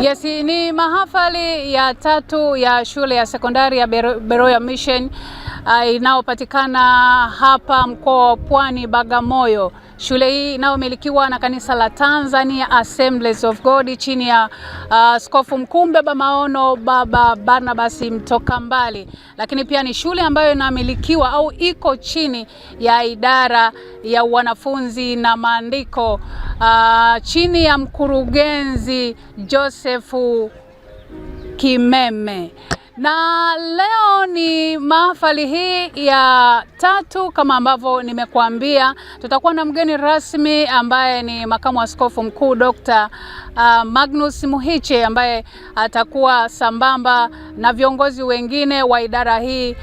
Yes, ni mahafali ya tatu ya shule ya sekondari ya Beroya Mission uh, inayopatikana hapa mkoa wa Pwani Bagamoyo. Shule hii inayomilikiwa na kanisa la Tanzania Assemblies of God chini ya uh, askofu uh, mkuu mbeba maono Baba Barnabas mtoka mbali, lakini pia ni shule ambayo inamilikiwa au iko chini ya idara ya wanafunzi na maandiko uh, chini ya mkurugenzi Joseph Kimeme. Na leo ni mahafali hii ya tatu kama ambavyo nimekuambia, tutakuwa na mgeni rasmi ambaye ni makamu askofu mkuu Dr. Uh, Magnus Muhiche ambaye atakuwa sambamba na viongozi wengine wa idara hii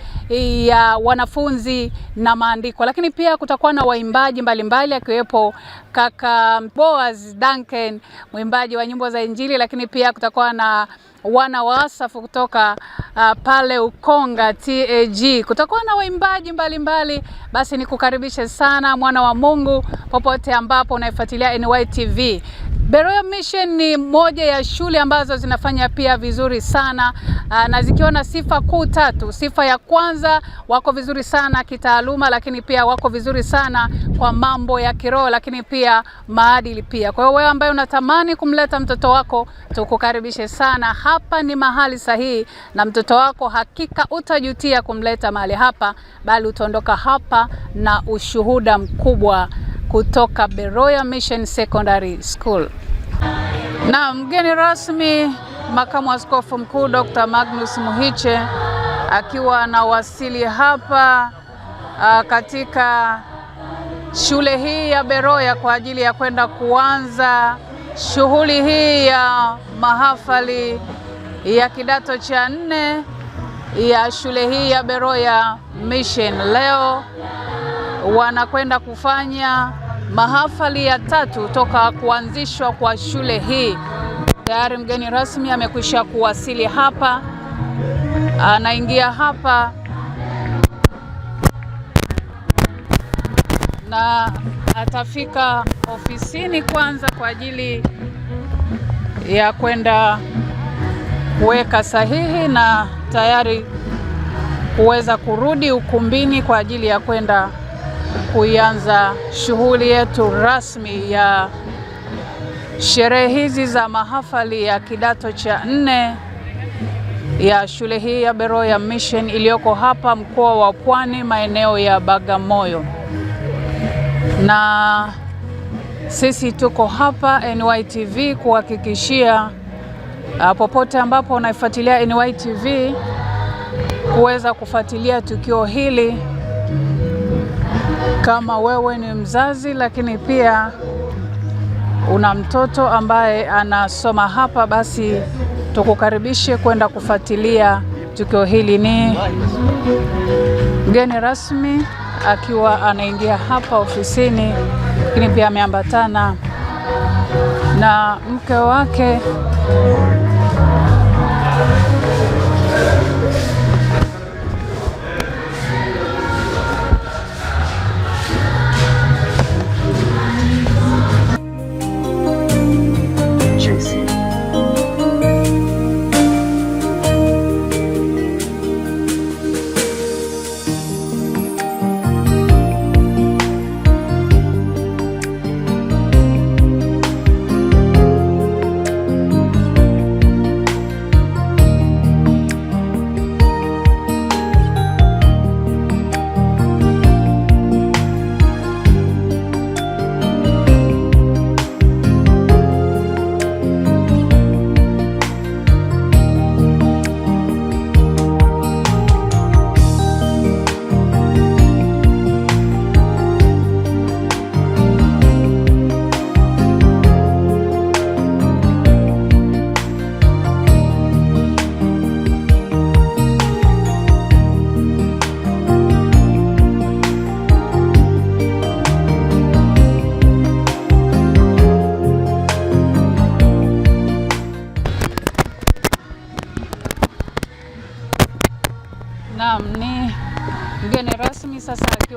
ya wanafunzi na maandiko, lakini pia kutakuwa na waimbaji mbalimbali akiwepo kaka Boaz Duncan mwimbaji wa nyimbo za Injili, lakini pia kutakuwa na wana wa Asafu kutoka uh, pale Ukonga TAG. Kutakuwa na waimbaji mbalimbali, basi nikukaribishe sana mwana wa Mungu popote ambapo unaifuatilia NY TV. Beroya Mission ni moja ya shule ambazo zinafanya pia vizuri sana ah, na zikiwa na sifa kuu tatu. Sifa ya kwanza, wako vizuri sana kitaaluma, lakini pia wako vizuri sana kwa mambo ya kiroho, lakini pia maadili pia. Kwa hiyo wewe ambaye unatamani kumleta mtoto wako, tukukaribishe sana. Hapa ni mahali sahihi, na mtoto wako hakika utajutia kumleta mahali hapa, bali utaondoka hapa na ushuhuda mkubwa kutoka Beroya Mission Secondary School. Na mgeni rasmi makamu askofu mkuu Dr. Magnus Muhiche akiwa anawasili hapa a, katika shule hii ya Beroya kwa ajili ya kwenda kuanza shughuli hii ya mahafali ya kidato cha nne ya shule hii ya Beroya Mission. Leo wanakwenda kufanya mahafali ya tatu toka kuanzishwa kwa shule hii. Tayari mgeni rasmi amekwisha kuwasili hapa, anaingia hapa na atafika ofisini kwanza kwa ajili ya kwenda kuweka sahihi na tayari kuweza kurudi ukumbini kwa ajili ya kwenda kuianza shughuli yetu rasmi ya sherehe hizi za mahafali ya kidato cha nne ya shule hii ya Beroya Mission iliyoko hapa mkoa wa Pwani, maeneo ya Bagamoyo. Na sisi tuko hapa NYTV kuhakikishia uh, popote ambapo unaifuatilia NYTV kuweza kufuatilia tukio hili kama wewe ni mzazi, lakini pia una mtoto ambaye anasoma hapa, basi tukukaribishe kwenda kufuatilia tukio hili. Ni mgeni rasmi akiwa anaingia hapa ofisini, lakini pia ameambatana na mke wake.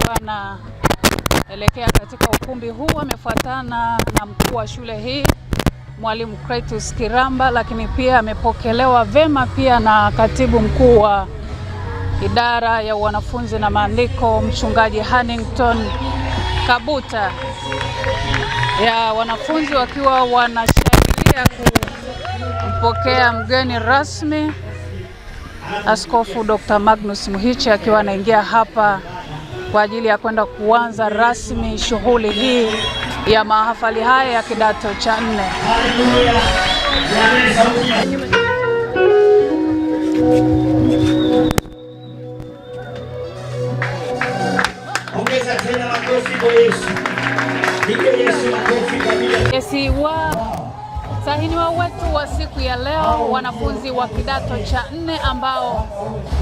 anaelekea katika ukumbi huu amefuatana na mkuu wa shule hii Mwalimu kretus Kiramba, lakini pia amepokelewa vema pia na katibu mkuu wa idara ya wanafunzi na maandiko Mchungaji Hannington Kabuta, ya wanafunzi wakiwa wanashangilia kumpokea mgeni rasmi Askofu Dr. Magnus muhichi akiwa anaingia hapa kwa ajili ya kwenda kuanza rasmi shughuli hii ya mahafali haya ya kidato cha nne. Tahiniwa wetu wa siku ya leo, wanafunzi wa kidato cha nne ambao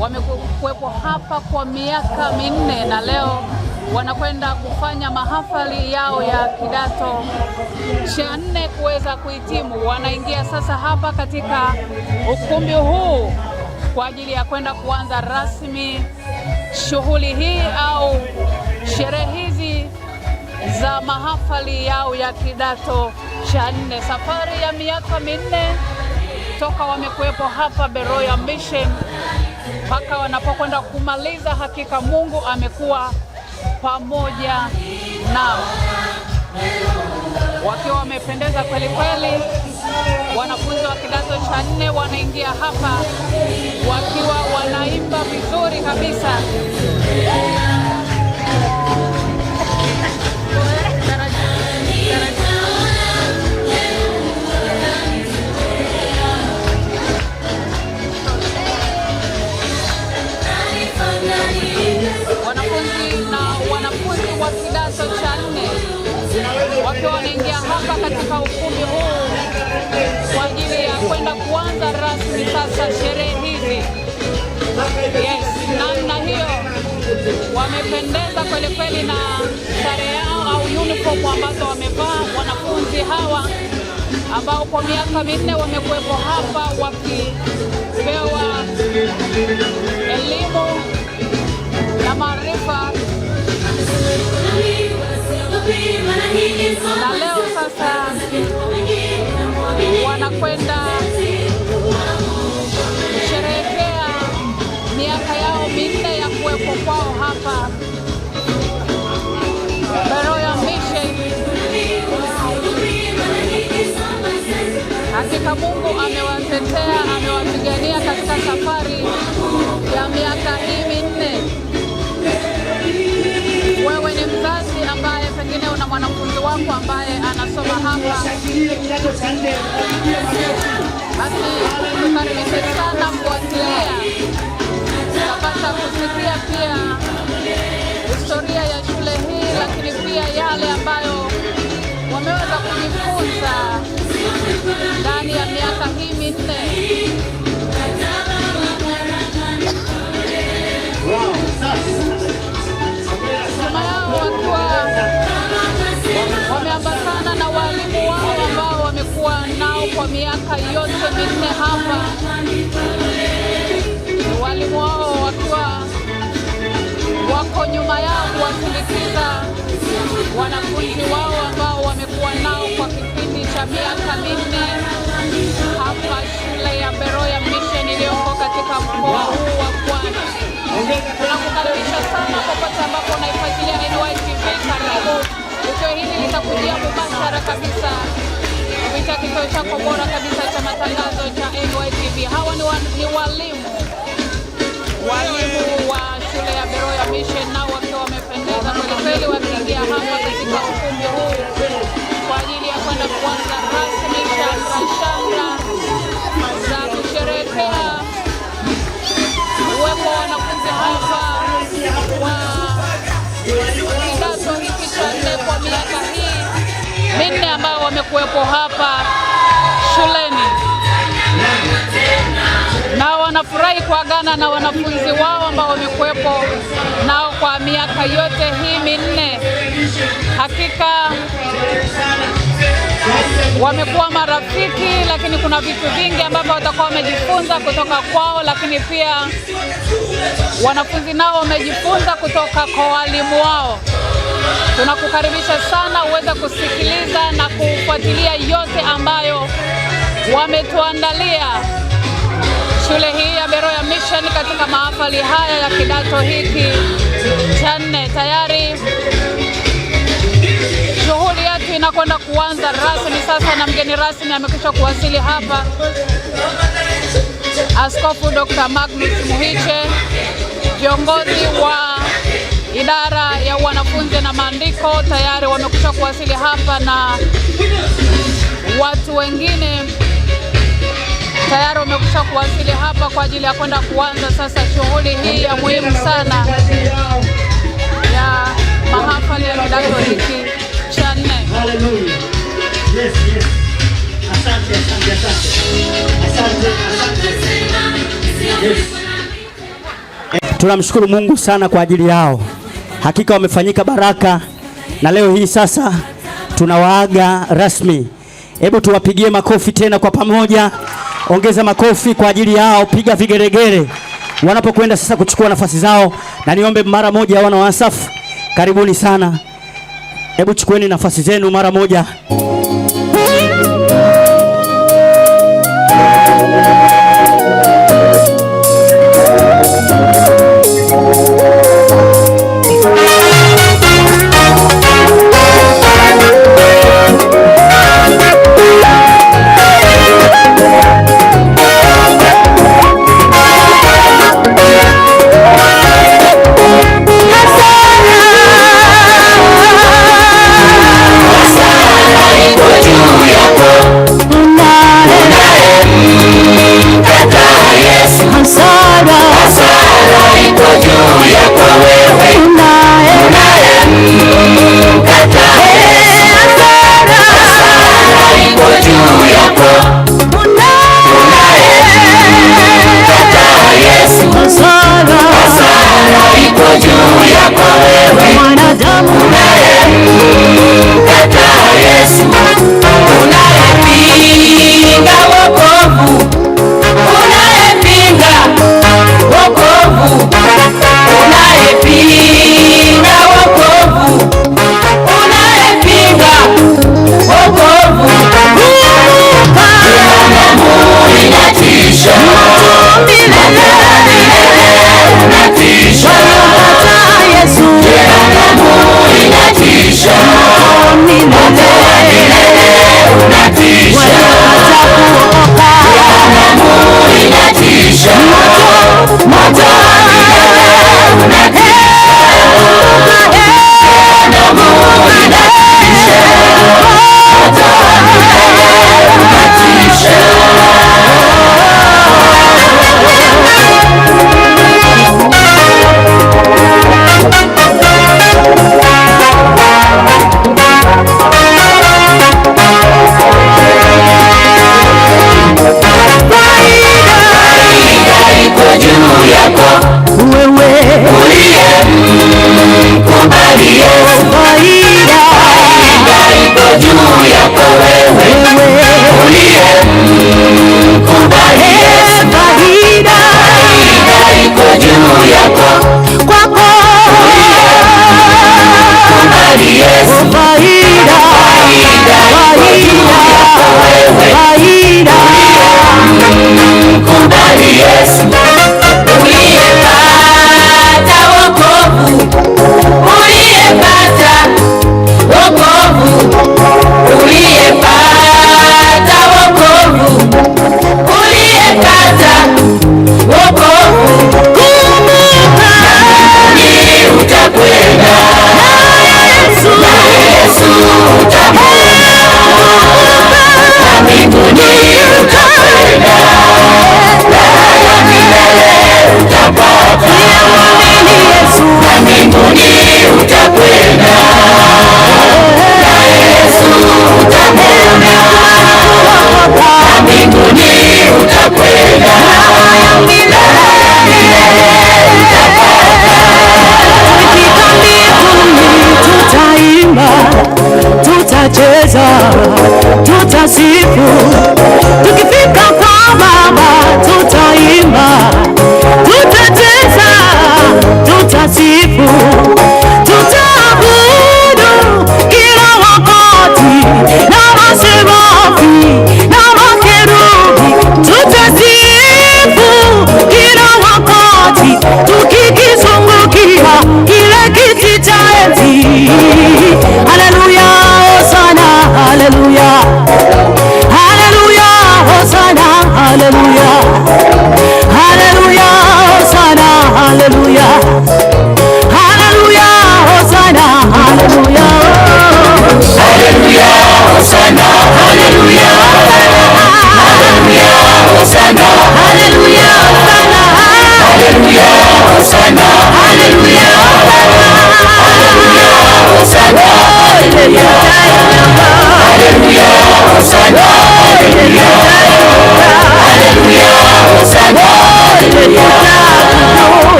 wamekuwepo hapa kwa miaka minne na leo wanakwenda kufanya mahafali yao ya kidato cha nne kuweza kuhitimu. Wanaingia sasa hapa katika ukumbi huu kwa ajili ya kwenda kuanza rasmi shughuli hii au sherehe hizi za mahafali yao ya kidato cha nne, safari ya miaka minne toka wamekuwepo hapa Beroya Mission mpaka wanapokwenda kumaliza. Hakika Mungu amekuwa pamoja nao, wakiwa wamependeza kweli kweli. Wanafunzi wa kidato cha nne wanaingia hapa wakiwa wanaimba vizuri kabisa. wakiwa wanaingia hapa katika ukumbi huu kwa ajili ya kwenda kuanza rasmi sasa sherehe hizi. Yes, namna hiyo wamependeza kweli kweli na sare yao au uniform ambazo wamevaa wanafunzi hawa ambao kwa miaka minne wamekuwepo hapa wakipewa elimu sasa wanakwenda kusherehekea miaka yao minne ya kuwepo kwao hapa Baroya Mission. Hakika Mungu amewatetea, amewapigania katika safari ya miaka hii minne. Nimeshukuru sana kuwasilia napata kusikia pia historia ya shule hii, lakini pia yale ambayo wameweza kujifunza ndani ya miaka hii minne. Wow, wakiwa miaka yote minne hapa, walimu wao wakiwa wako nyuma yangu kuwasindikiza wanafunzi wao ambao wamekuwa nao kwa kipindi cha miaka minne hapa shule ya Beroya Mission iliyoko katika mkoa huu wa Pwani. Tunakukaribisha sana popote ambapo unaifuatilia NY TV. Karibu tukio hili litakujia mubashara kabisa kupitia kituo chako bora kabisa cha matangazo cha NYTV. Hawa ni, wa, ni walimu walimu wa shule ya Beroya Mission, nao wakiwa wamependeza kweli, wakiingia hapa katika ukumbi huu kwa ajili ya kwenda kuanza rasmi shamra shamra za kusherehekea uwepo wa wanafunzi hapa wa minne ambao wamekuwepo hapa shuleni na wanafurahi kuagana na wanafunzi wao ambao wamekuwepo nao kwa miaka yote hii minne. Hakika wamekuwa marafiki, lakini kuna vitu vingi ambavyo watakuwa wamejifunza kutoka kwao, lakini pia wanafunzi nao wamejifunza kutoka kwa walimu wao. Tunakukaribisha sana uweze kusikiliza na kufuatilia yote ambayo wametuandalia shule hii ya Beroya Mission katika mahafali haya ya kidato hiki cha nne. Tayari shughuli yetu inakwenda kuanza rasmi sasa, na mgeni rasmi amekwisha kuwasili hapa, Askofu Dr. Magnus Muhiche, viongozi wa idara ya wanafunzi na maandiko tayari wamekusha kuwasili hapa na watu wengine tayari wamekusha kuwasili hapa kwa ajili ya kwenda kuanza sasa shughuli hii ya muhimu sana ya mahafali ya kidato hiki cha nne. Tunamshukuru Mungu sana kwa ajili yao. Hakika wamefanyika baraka, na leo hii sasa tunawaaga rasmi. Hebu tuwapigie makofi tena kwa pamoja, ongeza makofi kwa ajili yao, piga vigeregere wanapokwenda sasa kuchukua nafasi zao, na niombe mara moja wana Wasafu, karibuni sana. Hebu chukueni nafasi zenu mara moja.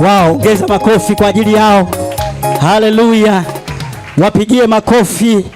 Wao makofi kwa ajili yao. Haleluya, wapigie makofi.